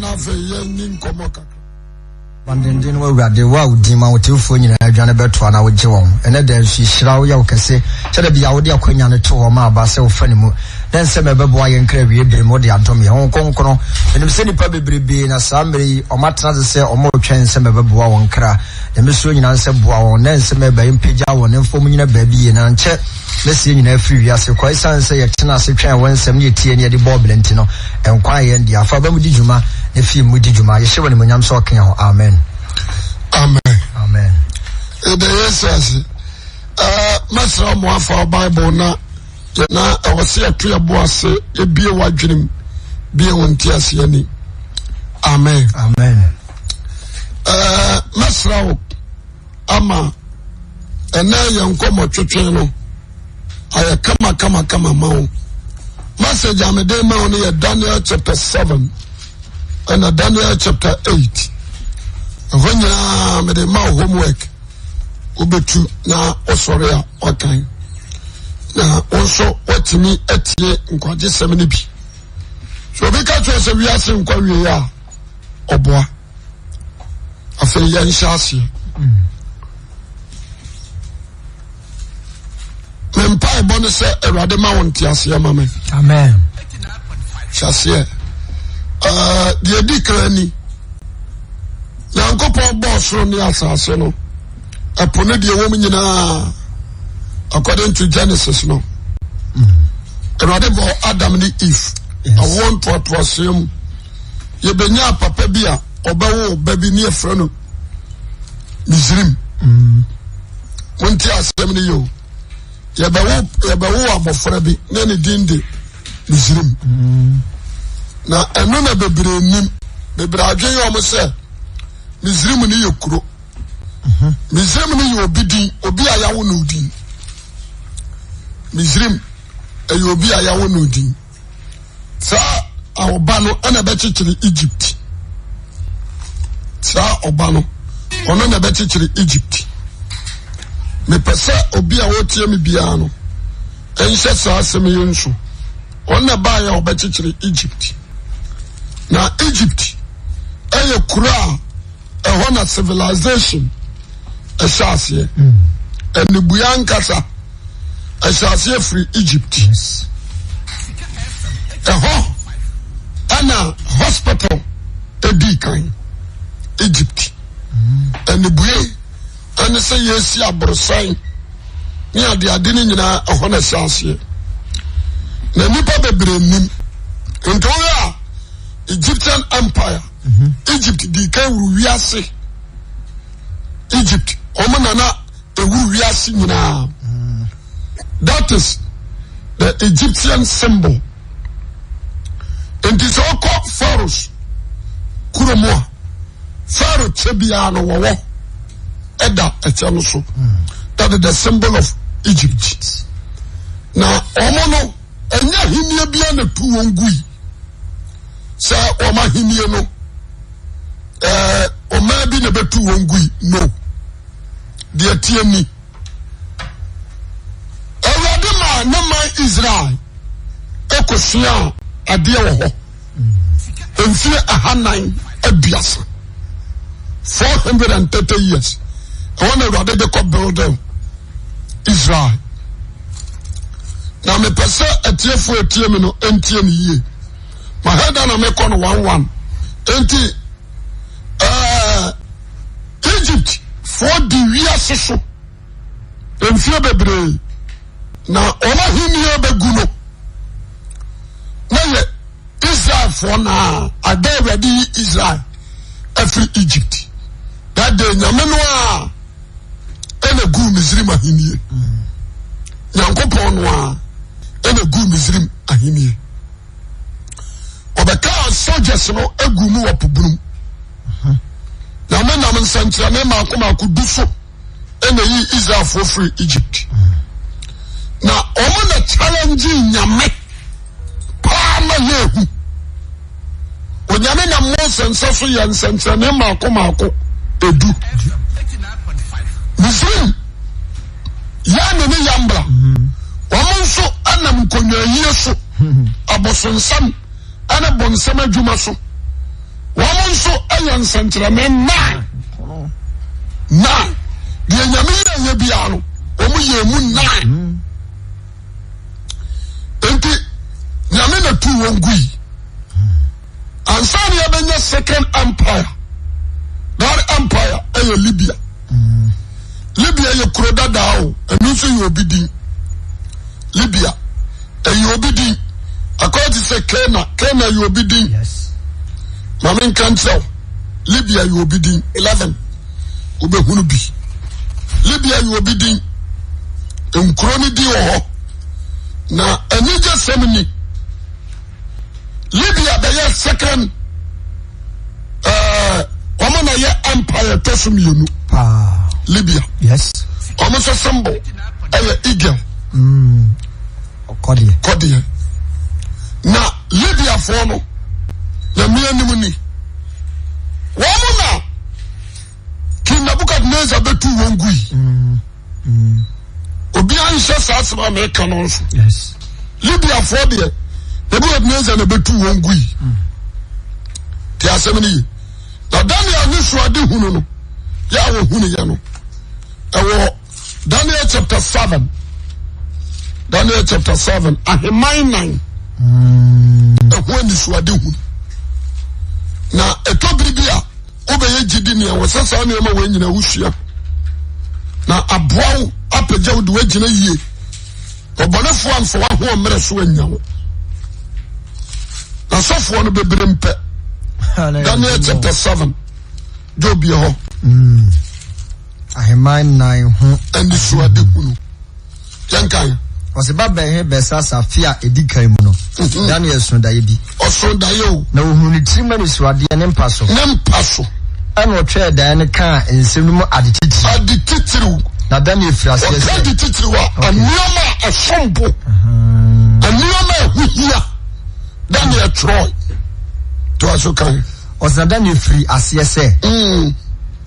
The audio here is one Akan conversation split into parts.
na afei yɛ ni nkɔmɔ kakra. wandenden wo awurade wo a wodi ma wotefoɔ nyinaa adwane bɛtoa na wogye wɔn ɛnɛ da nso hyira woyɛ wo kɛse kyɛdɛ bia wode akwanya no to hɔ ma aba sɛ wofa ne mu na nsɛm ɛbɛboa yɛ nkra wie bere mu wode adom yɛ ho nkronkron ɛnim sɛ nnipa bebrebee na saa mmerɛ yi ɔmatena se sɛ ɔma ɔtwɛn nsɛm ɛbɛboa wɔn kra dɛme soɔ nyinaa nsɛ boa wɔn na nsɛm ɛbɛyɛ mpagya wɔn ne mfom nyina baabi yɛ na na sie nyinaa firi wiase kɔ ɛsiane sɛ yɛtena ase twɛn wɔn nsɛm ne yɛtie ne yɛde bɔɔ berɛnti no ɛnkwa yɛn deɛ afa bɛ mu di dwuma ne fie mu di dwuma yɛhyɛ wɔ nimonyam sɛ ɔkea ho amen amen amen ɛdɛ yesu ase mɛsrɛ mo afa wo bible na na ɛwɔ sɛ yɛto yɛbo ase yɛbie w'adwenem bie wo nte aseɛ ni amen amen mɛsrɛ wo ama ɛnɛ yɛ nkɔmmɔtwetwe no ayɛ kamakamakamama wo mase gya mede ma wo no yɛ daniɛl chapte 7 ɛna daniɛl chapte ei ɔfɔ nyinaa mede ma homework wobɛtu na wɔsɔre a ɔkan na wo nso wotumi atie nkwagyesɛm no bi sɛ obi ka kyeɛɔ sɛ wiase nkwawiei a ɔboa afei yɛnhyɛ aseɛ mempaebɔ no sɛ awurade ma wo nteaseɛ ma me ɛseɛ deɛ di kra ni nyankopɔn bɔɔ soronne asase no ɛpo ne deɛ wom nyinaa a accordin to genesis no awurade bɔ adam ne ev awo ntoatoaseɛm yɛbɛnya apapa bi a ɔbɛwoo baa binniɛfirɛ no mesrm mm. onte aseɛm noy yɛbɛwo yɛbɛwo abɔfra bi na ne din de misirim na ɛno na bebree nim bebree adwen yɛ ɔmo sɛ misirim ne yɛ kuro misirim ne yɛ obi din obi a yawo na odin misirim ɛyɛ obi a yawo na odin saa ɔba no ɛna bɛkyekyere egypt saa ɔba no ɔno na bɛkyekyere egypt. mepɛ sɛ obi a wɔtiɛme biara no ɛnhyɛ saa sɛm yi nso ɔnna ba eɛ a wobɛkyekyere egypt na egypt ɛyɛ kuro a ɛhɔ na civilisation ahyɛaseɛ hmm. anibua ankasa ahyɛaseɛ firi egypt ɛhɔ ana hospital dii kan egypt hmm. anebue ɛne sɛ yesi aborɔsa ne ade ade ne nyinaa ɛhɔ nesaseɛ na nipa bebrɛnim nti ɔrɛ a egyptian empire mhm. egypt dii ka nwuruwiase egypt ɔmonana wuruwiase nyinaa thatis the egyptian symbal nti sɛ ɔkɔ faros kuromu a faro kɛbia nɔwɔ ecb of egyptna ɔmo no ɔnyɛ ahenniɛ bi anatu wɔn gui sɛ wɔma hennie no ɔmaa bi na bɛtu wɔn gui no deɛ tiɛ ni ɔwurade maa ne ma israel kɔseɛ a ɛdeɛ wɔ hɔ mfire ahanan aduasa fohdredt0 years wanradedeko bulde israel na mepese atie fo atie meno entiene ye mahedana me kon oneone nti egypt fo di wie seso mfio bebre na ɔnahomi be guno neye israel fona adebadei israel afri egypt that da yamenoa misrim ahenie nyankopɔn no a ɛna gu misrim ahenie ɔbɛkaa soldiers no agu mu wɔ pobunum na menam nsɛnkyerɛne maakomaako du so ɛna yi israelfoɔ firi egypt na ɔmo na challenge nyame paa ma yɛahu onyame na mose nsa so yɛ nsɛnkyerɛne maakomaako ɛdu yɛ neme yambra ɔmo nso anam nknwuyie so abosonsɛm nebonsɛm adwuma so ɔmo nso ɛyɛ nsɛnkyerɛme na na deɛ nyame yɛyɛ bia no ɔ mo yɛmu na enti nyame natuu wɔn kui ansane abɛnya second empire gad empire ɛyɛ libia libya yɛ kuro dadaa o ɛnu nso yɛ obi din libya ɛyɛ obi din akɔyɛ ti sɛ kena kena yɛ obi din maame nka nkyerɛw libya yɛ obi din eleven wobɛhunu bi libya yɛ obi din nkuro ne din wɔ hɔ na anigye sɛm ni libya bɛyɛ second ɛɛ wɔn na yɛ empire tɛ so mmienu. paa libya yes. ɔmo sɛ symbol ɛyɛ eagle kɔdeɛ na libyafoɔ no nyamea nim ni wɔn na king nabukadnezar bɛtu wɔn gui mm. Mm. obi anhyɛ saa asɛm a mɛka no nso libyafoɔ deɛ nabukadnezar na bɛtu wɔn gui mm. te asɛm no yi na daniel ne suade hunu no yɛ a wɔhunu yɛ no ɛwɔ danil chap 7 danil chap 7 aheman nan mm. ho anisoade hu na ɛtɔbiri bi a wobɛyɛ gye di nnea wɔ sɛ saa nneɛma w nyinawo sua na aboa wo apɛgya wo de w'agyina yie ɔbɔnefo mfa woaho mmerɛ so anya wo nasɔfoɔ no bebre m pɛ daniel chapt 7 do obia hɔ mm. aheman nan ho ɛne suade kunu yɛnkan ɔsɛ ba bɛhe bɛsa safe a ɛdi kan mu no da no yɛ sodaeɛ bi ɔsodaeɛ o na ɔhunu ne tirim ne suadeɛ ne mpa so ne mpa so ɛna ɔtwɛɛ dan no kaa nsɛm mu ade titiri ade titiriw na da no yɛfiri aseɛ sɛ ade titiriw a nneɛma a ɛsompo nneɛma a ɛho hia da no yɛtwerɛ to kan ɔsɛ na da no yɛfiri aseɛ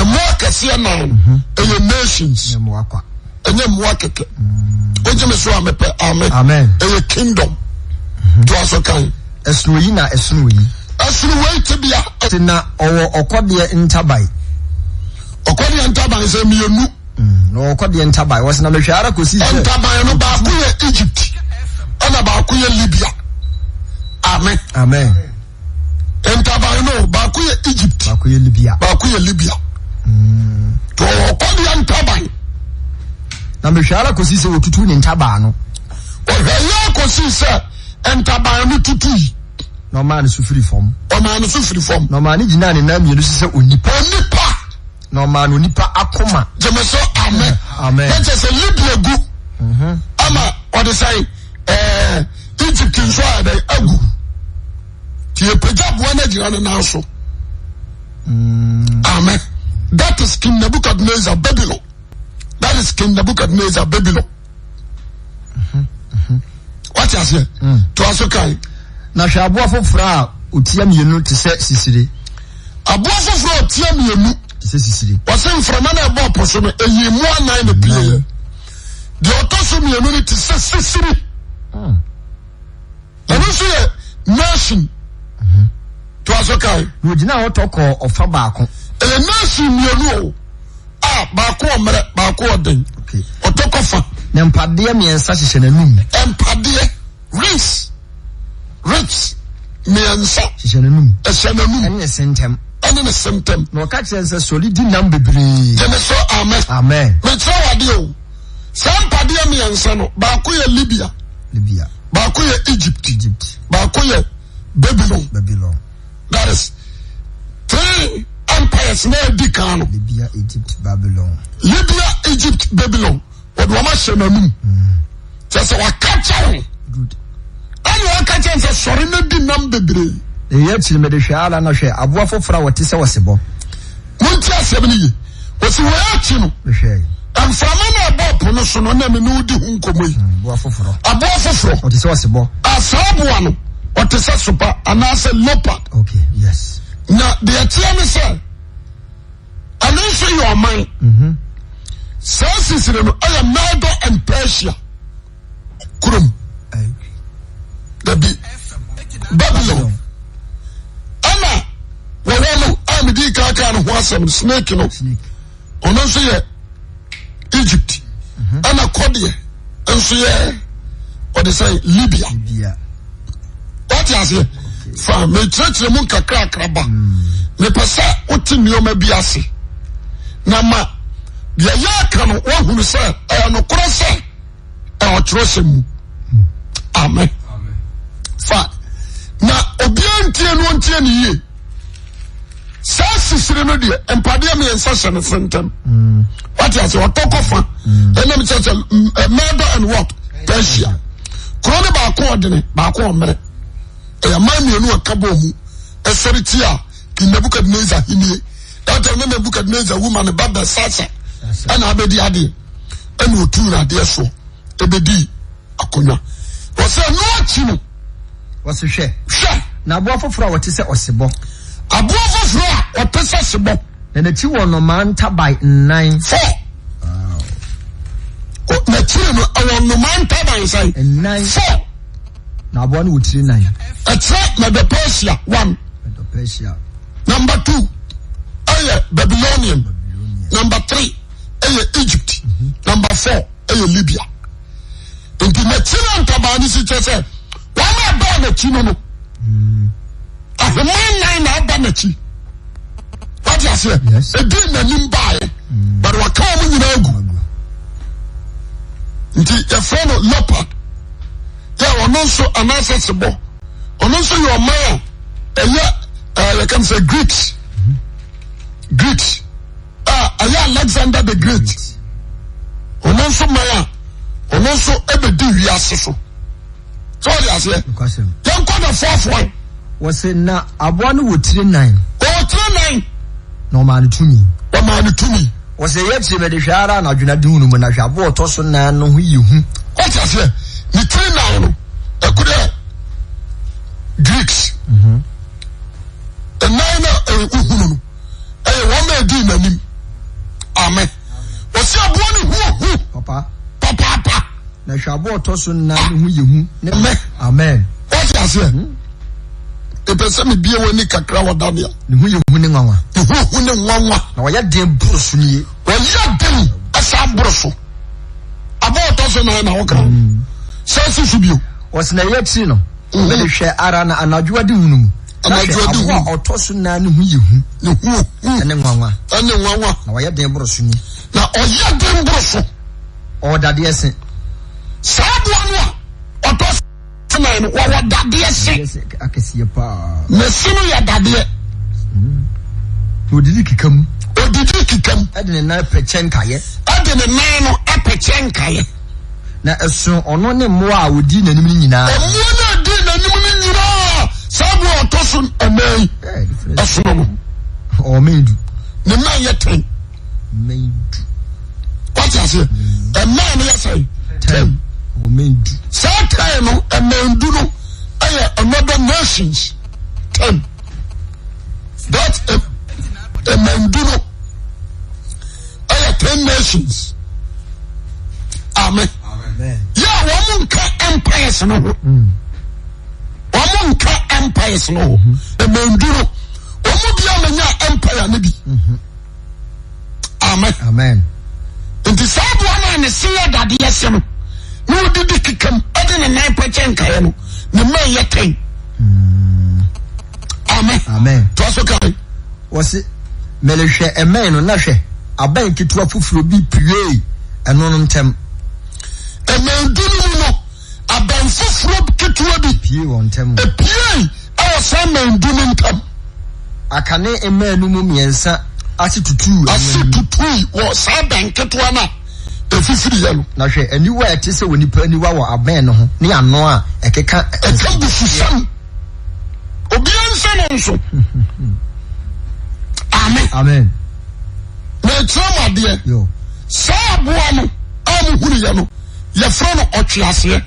ɛmmoa kɛseɛ no mhm. ɛyɛ nations ɛnyɛ mmoa kɛkɛ mm. wogyeme so a mepɛ amen ɛyɛ kingdom mhm. toa so kan ɛsoroyi na ɛsoroyi ɛsorowei tebea ti na ɔwɔ ɔkɔdeɛ ntabae ɔkɔdeɛ ntabae sɛ mmienu mm, na ɔkɔdeɛ ntabae wɔ sena mehwɛ ara kɔsi sɛ ntabae no baako yɛ egypt ɛna baako yɛ libya amen amen ntabae no baako yɛ egypt baako libya baako yɛ libya to wɔ kɔbea ntaban na mehwɛ ara kɔsi sɛ wɔtutu ne ntaban no wɔhwɛ yɛ kɔsi sɛ ntaban no tutui na ɔmaa ne so firi fam ɔmaa ne so firi fam na ɔmaa ne gyinaa ne nan mmienu so sɛ onipa onipa na ɔmaa no onipa akoma gyeme so amen amen ɛkyɛ sɛ libia gu mhm. ama ɔde sɛe ɛɛ egypt nso a ɛdɛ agu tie pagya boa no agyina ne nan so amen thats kim nabukadnazar babilon thatskim nabukadnazar babylon tseɛska hmm. nahwɛ aboa foforɔ a ɔtiamnu te sɛ sisiri oa foforɔsemframa no ɛbɔpso n yimuanan p deɛ ɔsomin te sɛ sisiri my ato akagafa ɛyɛ nɛɛsi mmienu o a baako ɔmmerɛ baako ɔden ɔtɔkɔ fa. na mpadeɛ mmiɛnsa hyehyɛ n'anum. mpadeɛ rings rings mmiɛnsa hyehyɛ n'anum ɛhyɛ n'anum ɛne ne sentem ɛne ne sentem. na ɔka kyerɛ sɛ sɔli di nam bebree. jɛnɛ amen amen mɛtɛrɛ wadeɛ o saa mpadeɛ mmiɛnsa no baako yɛ libya libya baako yɛ egypt egypt baako yɛ babylon babylon that is three empires náà di kan no. libya egypt babylon. libya egypt babylon wɔde wɔn ahyɛ n'anum kyɛ sɛ wakakya wɔn ɛna wakakya wɔn sɛ sɔre na di nam bebree. èyí akyiri mɛ de hwɛ ala na hwɛ aboa foforɔ a wɔte sɛ wɔsi bɔ. mo n ti asɛm ni ye wɔsi wɔyɛ akyi no. hwɛ nframa náà bɔ ɔpɔ no so no ɔnam ni odi hu nkɔmɔ yi. aboa foforɔ aboa foforɔ. wɔte sɛ wɔsi bɔ. asaa aboa no wɔte sɛ sopa anaasɛ leopard. okay yes. na deɛteɛ me sɛ ɛno nso yɛ ɔman mhm. saa sisire no ɛyɛ mago ampressia kurom dabi babylon ana wɔwɔ no a medii kaa kaa no ho asɛm no snake no ɔno nso yɛ egypt ana mhm. kɔdeɛ nso yɛ ɔde sa libia woate aseɛ amekyerɛkyerɛ mu nkakrakra ba nipɛ sɛ wote nneoma bi ase na aɛyɛka ohuusɛɛnokorɔ sɛ ɔkyerɛ sɛ mu i saa sisire no deɛ mpadeɛ myɛnsa hyɛ ne sentɛm wat ɔ fa ɛnaɛ m ana psia ama nnino akabɔɔ mu ɛsɛrete a te nabukadnasar henie data na nabukadnasar wo ma ne babɛ sase ɛnabɛdi adeɛ ɛneturadeɛso di kwa sɛn aki ki abs ɛkyerɛ mada persia on numbe tw ɛyɛ babilonian numbe tre yɛ egypt numbe fo yɛ libia nti naki no ntabaa ne sikyerɛ sɛ wɔma ɛbaa nakyi no no hmm. af ma nan na aba nakyi bateaseɛ ɛdinanim baɛ hmm. but wɔkɛ womo nyena agu nti ɛfrɛ no lpad nso anaasɛ sebɔ ɔno nso yɛ ɔman a ɛyɛ eh, yɛkam sɛ greet greet a ɛyɛ alexander the great ɔno nso man a ɔno nso ɛbɛdi wiase so sɛ ɔde aseɛ yɛnkɔ na foafoa wɔsɛ na aboa no wɔ tire nan ɔwɔ tire nan na ɔmaa no tumi ɔmaa no tumi wɔsɛ yɛkyerɛ bɛde hwɛ ara na adwena de hu no mu na hwɛ aboɔ ɔtɔ so nan no ho yɛ hu ɔte aseɛ ne tire nan no ɛkudɛ greeks ɛnan na ɛyɛ uhunu no ɛyɛ wɔn a edi n'anim amen wɔsi aboɔ ne huhu Papa. na hwɛ aboɔ tɔ so nnan ne ho yɛ hu. amen amen. wɔsi aseɛ ebese mi bie wo ni kakra wɔ daniel. ne ho yɛ hu ne nwanwa. ne ho hu ne nwanwa. na wɔyɛ den buru so nie. wɔyɛ den ɛsan buru so aboɔ tɔ so nnan na wɔkara. sɛ ɛsi so bio wɔsena yɛ akyiri no mede hwɛ ara na anadwoa de wunu mu anaduade hu ɔtɔ so naa ne ho yɛ hu ne hu ɛne nwanwa ɛne nwanwa na ɔyɛ den boro so ni na ɔyɛ den boro so ɔwɔ dadeɛ se saa boa no a ɔtɔ so naa no wɔwɔ dadeɛ se akɛseɛ paa na si no yɛ dadeɛ na hmm. odidi keka mu odidi keka mu ɛde ne nan pɛkyɛ nkaeɛ ɛde ne nan no ɛpɛkyɛ nkaeɛ nɛs ɔno ne moa a ɔdi nanim no yinaaa ndi nan no yinaa saa boɔt so mɛ so mayɛta nyɛsɛe saa kaeɛ no mad no yɛ anor nations atman yɛ ten nations ɛm nkapsnhmnkpsnhman nɔmamanyampan nti saaoa no ane se yɛdadeɛsɛ no n ɔdd ne nyɛnɛnmayɛtɔs merehwɛ mɛn no na hwɛ aban ketewa foforo bi puee ɛno no ntɛm ɛnandu no mu no aban foforɔ ketewa bi epiei ɛwɔ saa nandu no ntam akane mmaa no mu mmiɛnsa ase tutuu ase tutuu wɔ saa aban ketewa no a efifiri yɛ no. na hwɛ aniwa a ɛte sɛ wɔ nipa aniwa wɔ abɛn no ho ne ano a ɛkeka. ɛka bususam obiara nsa no nso amen. amen. na ekyirɛ mu adeɛ saa aboa no a mo huri yɛ yɛfrɛ no ɔtweaseɛ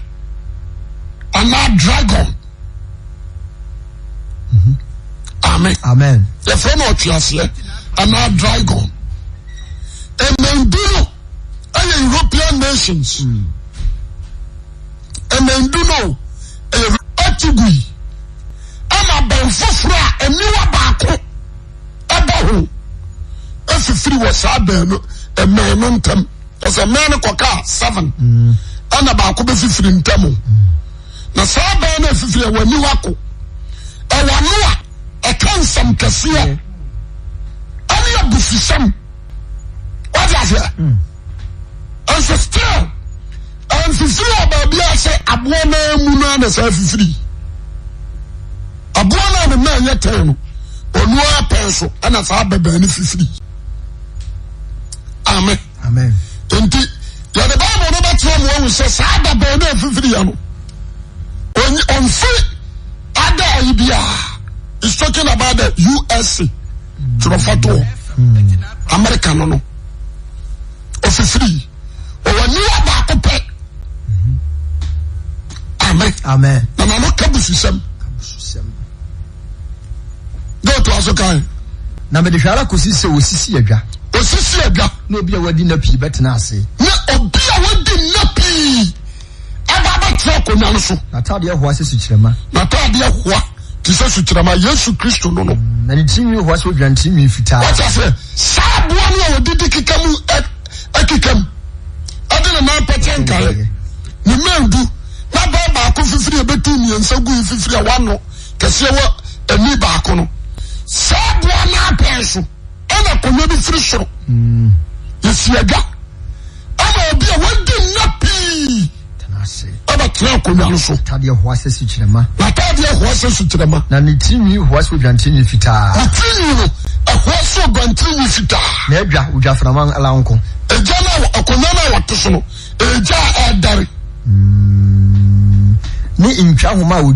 anaa dragon amen yɛfrɛ no ɔtweaseɛ anaa dragon ɛmandu no ɛyɛ european nations ɛmandu hmm. no ɛyɛ atigui ɛna bɛn foforɔ a aniwa baako ɛbɛ ho ɛfifiri wɔ saa bɛn no ɛmɛn no ntam sɛ ma no kɔkaa seven ana baako bɛ fifiri ntam na saa bɛn na afifiri awaniw ako ɛwanoa ɛka nsam kasia ɛne yabo fi sam wadasea nsɛstil mfifiri ɔbaabiaa sɛ aboɔ noa mu no anasaa fifiri aboɔ no ane ma yɛ tan no ɔnoaapɛn so ɛna saa ba baane fifiri amen nti yɛde bible no bɛtea moa hu sɛ saa da baani afifiri ano ɔmfri ada yibiaa is takin about he us kwerɔfatoɔ amerika no no ɔfifiri ɔwɔ ani wabaakopɛ ame nananoka bu susɛm ga so kae na mede hwa are kosi sɛ wɔsisi awa osisi adwa. na obi a wadi na pii bɛtena ase. na obi a wadi na pii ɛba abɛtena akonnwa no so. n'ataadeɛ hoa sɛ sukyerɛma. n'ataadeɛ hoa te sɛ sukyerɛma yesu kristo no no. Mm, na ne tirinwi hoa sɛ odwa ne tirinwi fitaa. wọ́n ti ase saa aboa no a wɔde di keka mu ɛkeka mu ɛde ne nan pɛtɛ nkae ne mmaa du n'abaa baako fifiri ebetu mmiɛnsa gu fifiri a wano kɛseɛ wɔ ani baako no saa aboa no apɛn so. Mm. na koma bfiri soro siada mabia nna pe ne ntwa homaafwawao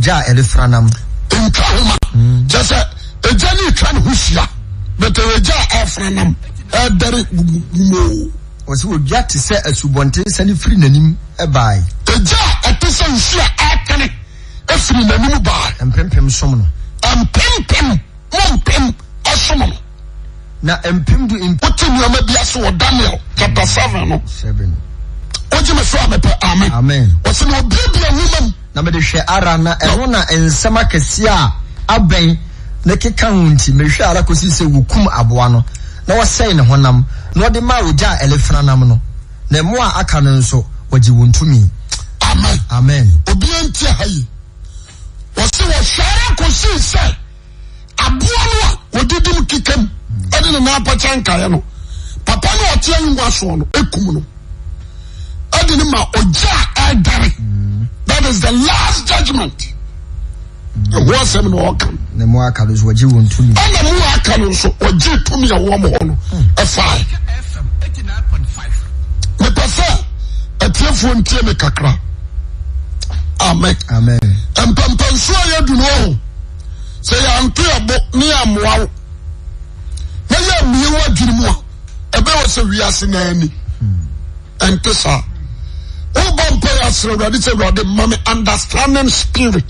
anmsɛ ɔdya te sɛ asubɔntesɛne fri nanim bamm somnonn medehwɛ ara na ɛho na nsɛm akɛsi a abɛn ne keka ho nti mehwɛ ara kɔsi sɛ wɔkum aboa no na wɔsɛe ne honam na wɔde maa ogya a ɛlefra nam no na ɛmo a aka no nso wɔgye wɔn tumi amen amen obiara nti ha yi wɔsi wɔhwɛ ara kɔsi sɛ aboa no a wɔdidim kekam ɛde ne nan apɛkyɛ nkaeɛ no papa no ɔte ahengua soɔ no ekum no ɛde ne ma ogya a ɛdare that is the last judgement. hosmnanamoaka no so ye tahɔf mepɛ sɛ atufuɔ ntiem kakra am mpapɛsoa yɛadunoɔ ho sɛ yɛantoɛbo ne yɛmoaw mɛyɛ miɛo dwiremu a bɛ wɔ sɛ i ase naani ɛnte saa woba mpa yɛasrɛawurade sɛwurade mame understanding spirit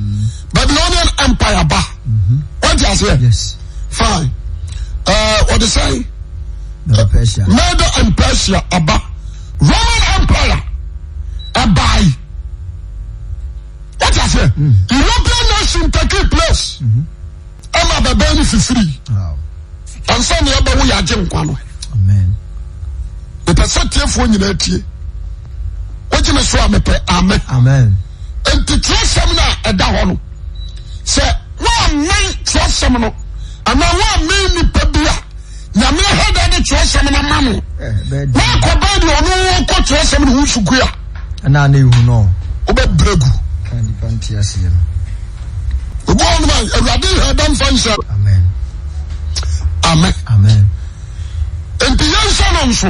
babylonian empire ba taseɛ ode sɛi mdo ampressia aba ran empie bai teaseɛ european nation taki place ma bɛbɛ ne fifiri ansɛde bɛwoyɛgenkwa no epɛsɛtiɛfoɔ nyinatie wokyeme soa mepɛ ame nttrɛsɛmnoa sɛ woamen kyerɛsɛm no anaa woamen nipa bi a nyame hɛda de kyerɛsɛm no ma no na akɔbaa deɛ ɔno kɔ kyerɛsɛm no ho sugu a ɛnaa ne ɛhu no wobɛbrɛ gu obi ɔnom a awurade hɛda mfa nhyɛ amen Amen. enti yɛnhyɛ no nso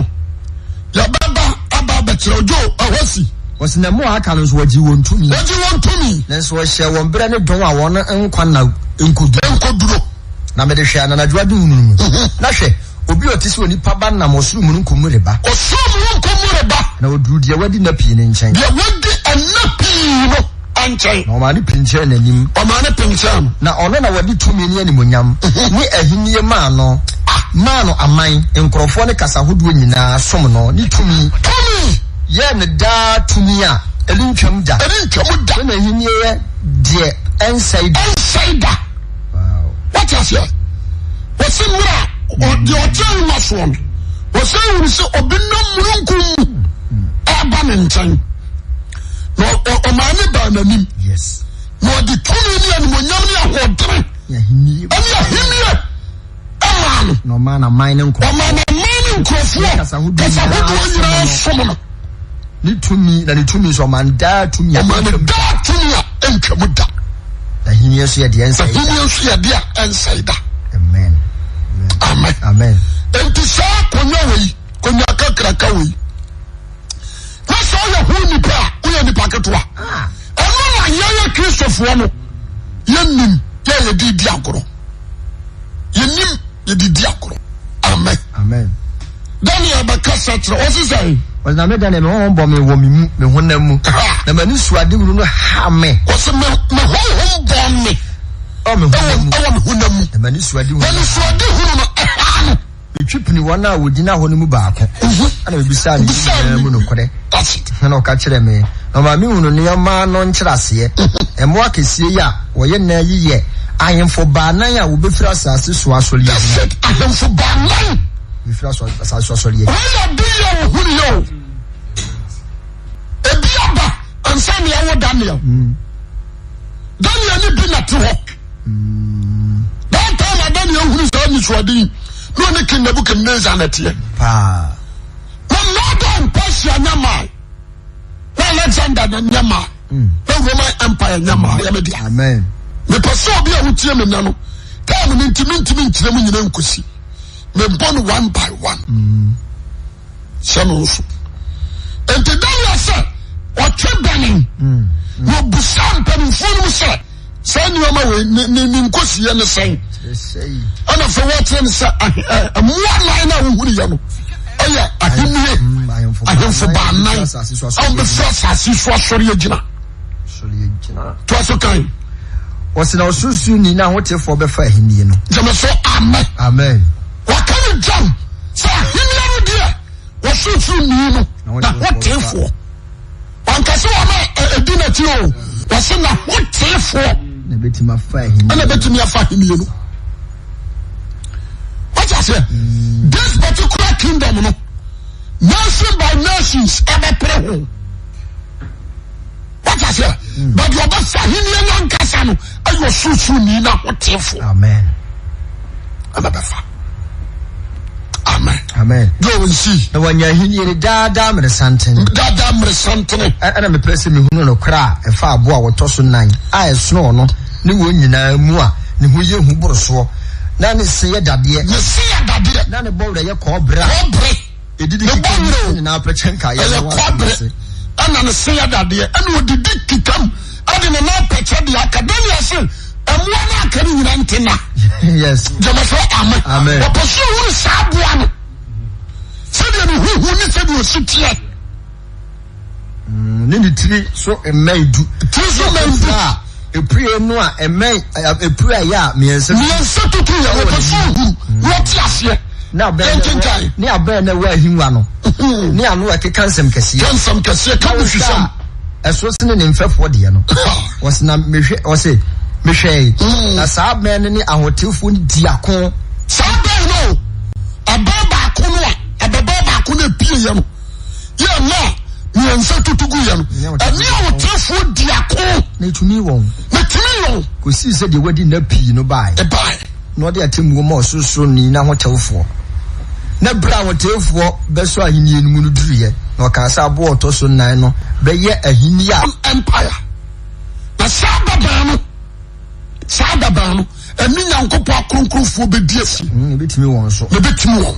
yɛbɛba aba abɛkyerɛ odwo ɛhɔ si wɔsi na mu a aka no nso wɔgye wɔn tumi. wɔgye wɔn tumi. ne nso wɔhyɛ wɔn berɛ ne dɔn a wɔn nkwa na nkoduro. nkoduro. na mɛ de hwɛ ananadwoa de mu. Mhm. na hwɛ obi a ɔte sɛ onipa ba nam ɔsoro mu no nkɔmu reba. ɔsoro mu no nkɔmu reba. na oduru deɛ wadi na pii ne nkyɛn. deɛ wadi ɛna pii no nkyɛn. na ɔmaa ne pinkyɛn n'anim. ɔmaa ne pinkyɛn. na ɔno na wɔde tumi ni animonyam. Mhm. Ni ahiniye maa no ah. maa no aman nkurɔfoɔ ne kasa ahodoɔ nyinaa som no ni tumi. tumi. yɛ ne daa tumi a arentwamu dane heniɛ deɛ nsɛidmuonmukyɔmane bann naɔde tmin anmyam no mm. ahodr naaaaaaaɛɛ yɛoni y aɛɛ krisofɔ o ni ɛynɔ anɛka seɛsɛ ɔsina mi dan ne mi wɔn bɔ mi wɔ mi mu mi ho nam mu na ma ni suade wuru no ha mi. wɔsi mi mi ho ho bɔ mi. ɔ mi ho nam mu ɛwɔ mi ho nam mu. na ma ni suade wuru no. na ni suade wuru no ɛha no. metwi pini wɔn a wogyina hɔ no mu baako. ɛna mhm. ebi sa ne nyinaa mu nokorɛ. ɛna ɔka kyerɛ mi na maame wuru nneɛma no nkyerɛ ɛmoa mhm. kɛseɛ yi a wɔyɛ nnan yi yɛ ahemfo baanan a wɔbɛfiri asase so asɔre yi. ahemfo baanan. hunaba nsaneawo danil danil n bina thadaniuɛnpesia ama oalegendayamaaempiaa epɛsɛbiahotimena no mnontimontimnkiramonyena mm. mm. nksi mebɔ no one by one sɛ no nso nti daniel sɛ ɔtwe bɛne mm. na ɔbusa mpanimfoɔ no mu sɛ saa nneɔma wei ne nkɔsiɛ ne sɛn ɛna afei wɔkyerɛ no sɛ ah, eh, eh, mmoa nan no a wohuriyɛ no ɛyɛ ahemnie mm, ahemfo baanan a wɔbɛfiri asase so asɔre agyina toa so kan ɔsena ɔsorosoro ni na ahotefoɔ bɛfa ahennie no gyeme so amen amen waka ne gyam sɛ ahenea no deɛ wɔhwe firi mii no na hoteefoɔ ɔnka sɛ wɔma ɛdi nati o wɔse na hoteefoɔ ɛna bɛtumi afa ahenie no wagya sɛ mm. this particular kingdom no nation by nations ɛbɛpere ho wagya sɛ mm. but wɔbɛfa ahenie no ankasa no ayɛ ɔsorosoro nii na hoteefoɔ ɛbɛbɛfa Amen. Amen. Go and see. Na wanya hinyere daadaa mmere santene. Daadaa mmere I am a person who no kora a ɛfa aboa a wɔtɔ so nan a ɛsono ɔno ne wɔn nyinaa mu a ne ho yɛ hu borosoɔ na ne se yɛ dadeɛ. Ne se yɛ dadeɛ. Na ne bɔwerɛ yɛ kɔɔbere a. Kɔɔbere. Edidi kika mu nyinaa pɛkyɛ nka yɛ ɛyɛ kɔɔbere. Ɛna ne se yɛ dadeɛ ɛna odidi kika mu ɛde ne nan pɛkyɛ The academia. se ɛmoa no aka ne nyina ntena. Yes. Jɛmɛsɛ amen. Amen. ne huhu ne sɛbi osi teɛ. ne ne tiri so mmɛn du. tiri so mmɛn du. epue no a mmɛn epue a yɛ a mmiɛnsa. mmiɛnsa tutu yɛ ɔpɛ so ohuru wɔte aseɛ. ne abɛn ne abɛn na ɛwɔ ahiwa no. ne ano ɛkeka nsɛm kɛseɛ. kɛnsɛm kɛseɛ kabu fisam. ɛso sini ne nfɛfoɔ deɛ no. wɔsena mehwɛ wɔsi mehwɛ yi. na saa abɛn ne ne ahotefoɔ di ako. saa abɛn. na pie yɛ no yɛ mma a mmiɛnsa tutu gu yɛ no ɛne a di ako na ɛtumi wɔn na ɛtumi wɔn kɔsii sɛ deɛ wadi na pii no bae ɛbae na ɔde atemmuo ma ɔsorosoro ni na ho tɛwfoɔ na berɛ a wɔtɛfoɔ bɛsɔ ahenni no mu no duruiɛ na ɔkaa sɛ aboɔ ɔtɔ so nnan no bɛyɛ ahenni a empire na saa babaa no saa babaa no ɛne nyankopɔn akronkronfoɔ bɛdi afi mm, na ɛbɛtumi wɔn so na ɛbɛtumi wɔn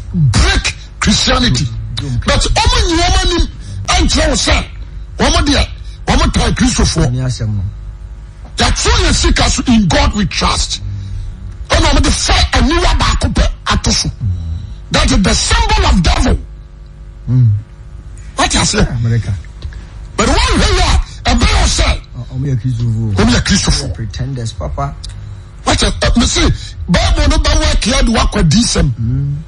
break christianity but ɔmo nyi ɔmo anim ɛnkyerɛ wo sɛ ɔmo deɛ ɔmo taa kristofoɔ yàtò yẹn sika so in god we trust ɛna ɔmo de fɛ aniwa baako pɛ ato so that is the symbol of devil hmm. wọ́n ti ase ah, but wọ́n hwẹ́ yẹ a ɛbẹ́ yọ sẹ́ ɔmo yẹ kristofoɔ pretenders papa wọ́n ti ɛ mesi báyìí mo ní bá wọ́n kí ẹ́ di wá kọ́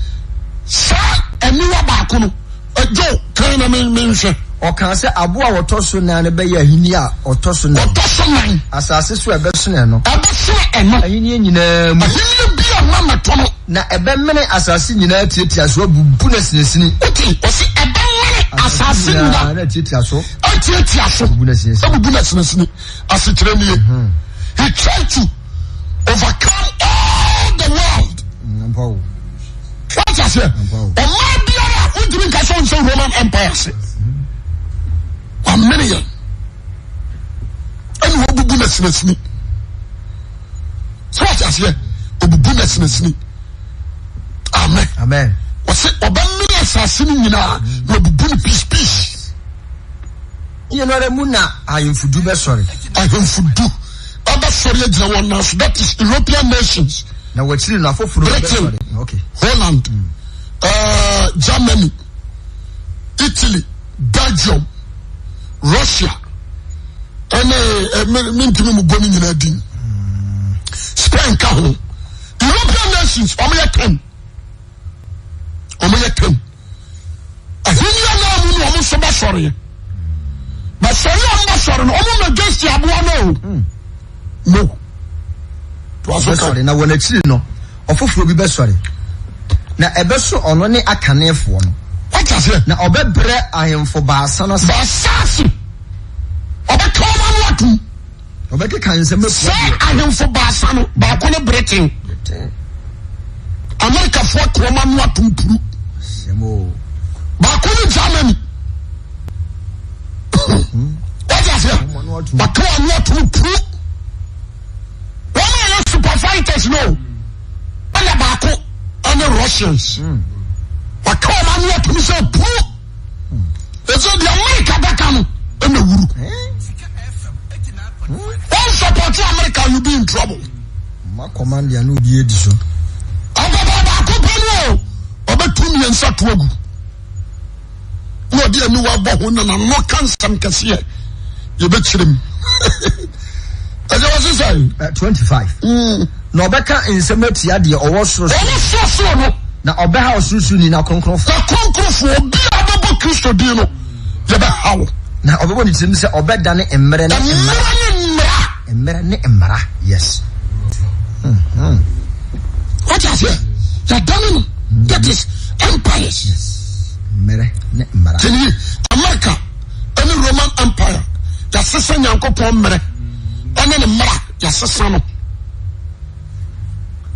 saa aniwa baako no ɛgye kan na menhwɛ ɔka sɛ aboa a wɔtɔ so nan no bɛyɛ ahenni a ɔtɔ so nan ɔtɔ so nan asase so ɛbɛsono ɛno ɛbɛsono ɛno ahenni nyinaa mu ahenni bi a mamatɔ no na ɛbɛmene asase nyinaa tiatia so abubu no sinesini wote ɔse ɛbɛmene asase nyinaa tiatia so atiatia so abubu no sinesini asekyerɛ nie mhm. he tried to overcome all the world mm, wọ́n ṣe ọmọ biara wọ́ntìmí nkasa ọ̀nsẹ̀ roman empire ṣe wà mẹ́rin yẹn ẹni wọ́n bubu n'asinasini sọ wọ́n ṣe aseɛ obubu n'asinasini amen wọ́n sẹ ọba mẹ́rin asase ni nyinaa na obubu ni peace peace. yẹn lọrẹ mu na ahemfudu bẹ sọrọ. ahemfudu ọbẹ sọrọ yẹ gyina wọn náà so that is European nations. it mm, holland mm. eh, germany italy belgium russia nmentimimugone eh, yena din spain kaho european nations meytmeye tam hynmun omos besore bsrye me bsoren omom gestaban wɔsɔre na wɔn akyiri no ɔfoforɔ bi bɛsɔre na ɛbɛso ɔno ne akaneefoɔ no wata se na ahemfo baasa no baasa se ɔbɛka ɔma no ato ɔbɛkeka nsɛm sɛ ahemfo baasa no baako ne britain amerikafoɔ ka ɔma no ato mpuru baako ne germany hmm. wata se wɔka ɔma mpuru Soviets no ɔyɛ baako ɛne Russians waka wɔn ani atum sɛ they ɛsɛ deɛ America bɛka no ɛna wuru eh? wɔn support America you will be in trouble. My command yɛn no bi edi so. ɔbɛbɛ baako pɛnu o ɔbɛtu mmiɛnsa to agu na ɔde aniwa not ho na n'ano ka nsɛm kɛseɛ yɛbɛkyerɛ mu ɛdɛ twenty five. na ɔbɛka nsɛm atia deɛ ɔwɔ soro so. ɔno soro soro no. na ɔbɛha ɔsorosoro ni na kronkronfo. na kronkronfo obi a ɔbɛbɔ kristo din no yɛbɛ ha wo. na ɔbɛbɔ ne tirim sɛ ɔbɛdane mmerɛ ne mmara. mmerɛ ne mmara. mmerɛ ne mmara yes. Mhm. wɔte aseɛ yɛdane no mhm. that is empire. yes mmerɛ ne mmara. kyɛnni america ɛne roman empire yɛasesa nyankopɔn mmerɛ ɛne ne mmara yɛasesa no.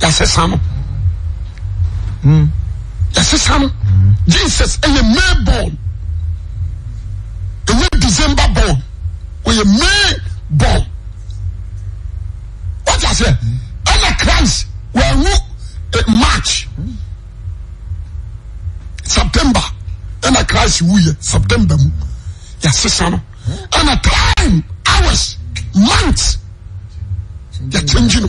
yɛasesa no hmm. yɛasesa no jesus ɛyɛ may born ɛwɛ december born ɔyɛ may born wata sɛ ɛna christ wɔawu eh, march september ɛna christ wuyɛ september mu yɛasesa no ɛna time hours months yɛkyɛngyi no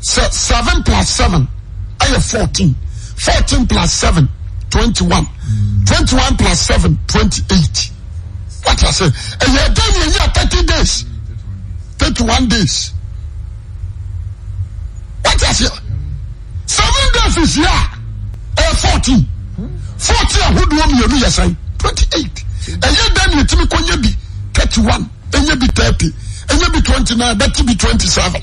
sɛ seven plus seven ɛyɛ fourteen fourteen plus seven twenty one twenty one plus seven twenty eight wata sɛ ɛyɛ done yɛ yɛ thirty days thirty one days wata sɛ seven days is yɛ ɛyɛ fourteen fourteen ahodoɔ mmienu yɛ sɛn twenty eight ɛyɛ ɛdɛn yɛ timi kɔnyɛ bi thirty one ɛnyɛ bi thirty ɛnyɛ bi twenty nine ɛbɛti bi twenty seven.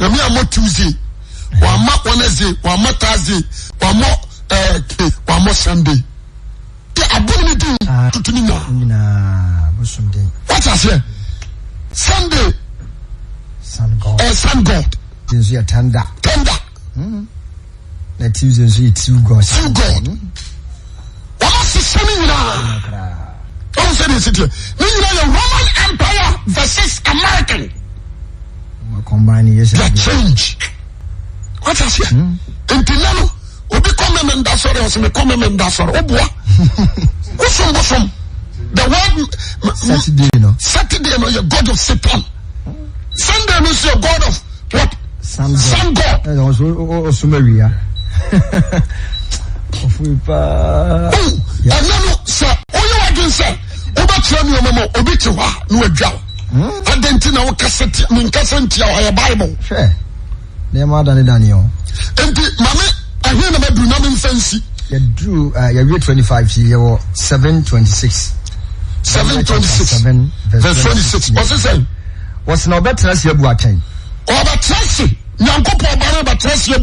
Eh, ah, un the change What has he? nti obi come mi mi da sọ̀rọ̀ ọ̀sìn mi kọ́ mi mi da sọ̀rọ̀ ó bùa ó sùn the word saturday no yẹ god of satan sunday no sẹ god of what sun god. ẹ ọ sún mẹ́rin ya. ọ̀fun paa. ẹ nanu sẹ ó yẹ wájú sẹ ó bá tiẹ̀ mi ọmọ obi ti wá ni wɔsena ɔbɛtera ase abu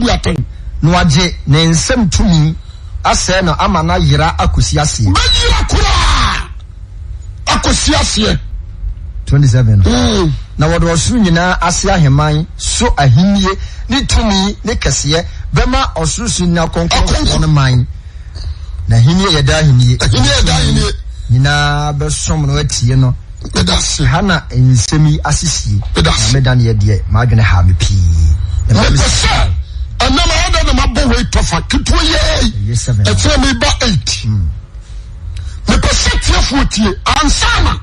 atennaagye ne nsɛm tumi asɛɛ no ama no yera akɔsi aseɛ 27 mm. na wɔde ɔsoro ase so ne tumi ne nyina na yɛda nyinaa bɛsom no atie no ha na nsɛm yi na meda ne yɛdeɛ maadwene ha me pii ɛnam na mabɔ wei tɔfa yɛi ɛkyerɛ meba 8 mm. mepɛ sɛ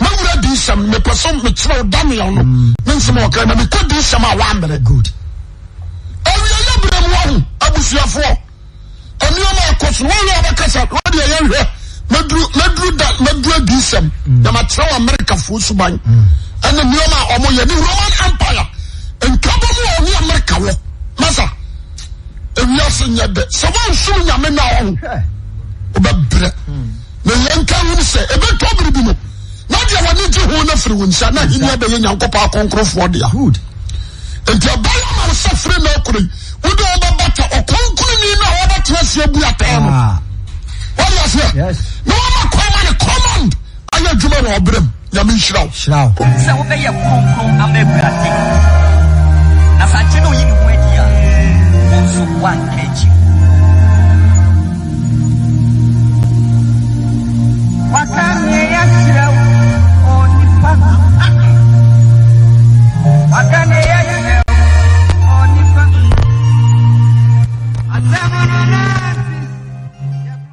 mewra desem meposo metsere dano meseeko dise aa deɛ wɔne gye ho no firi wo nsa na ahenni abɛyɛ nyankopɔn akɔnkorɔfoɔ dea nti ɔbɛyɛ ma wo sɛ firi na akuro yi wode wɔbɛbata ɔkonkroni no a no ah. wɔde aseɛ na command ayɛ adwuma wɔ ɔberɛ mu nyame nhyira wo sɛ na adi a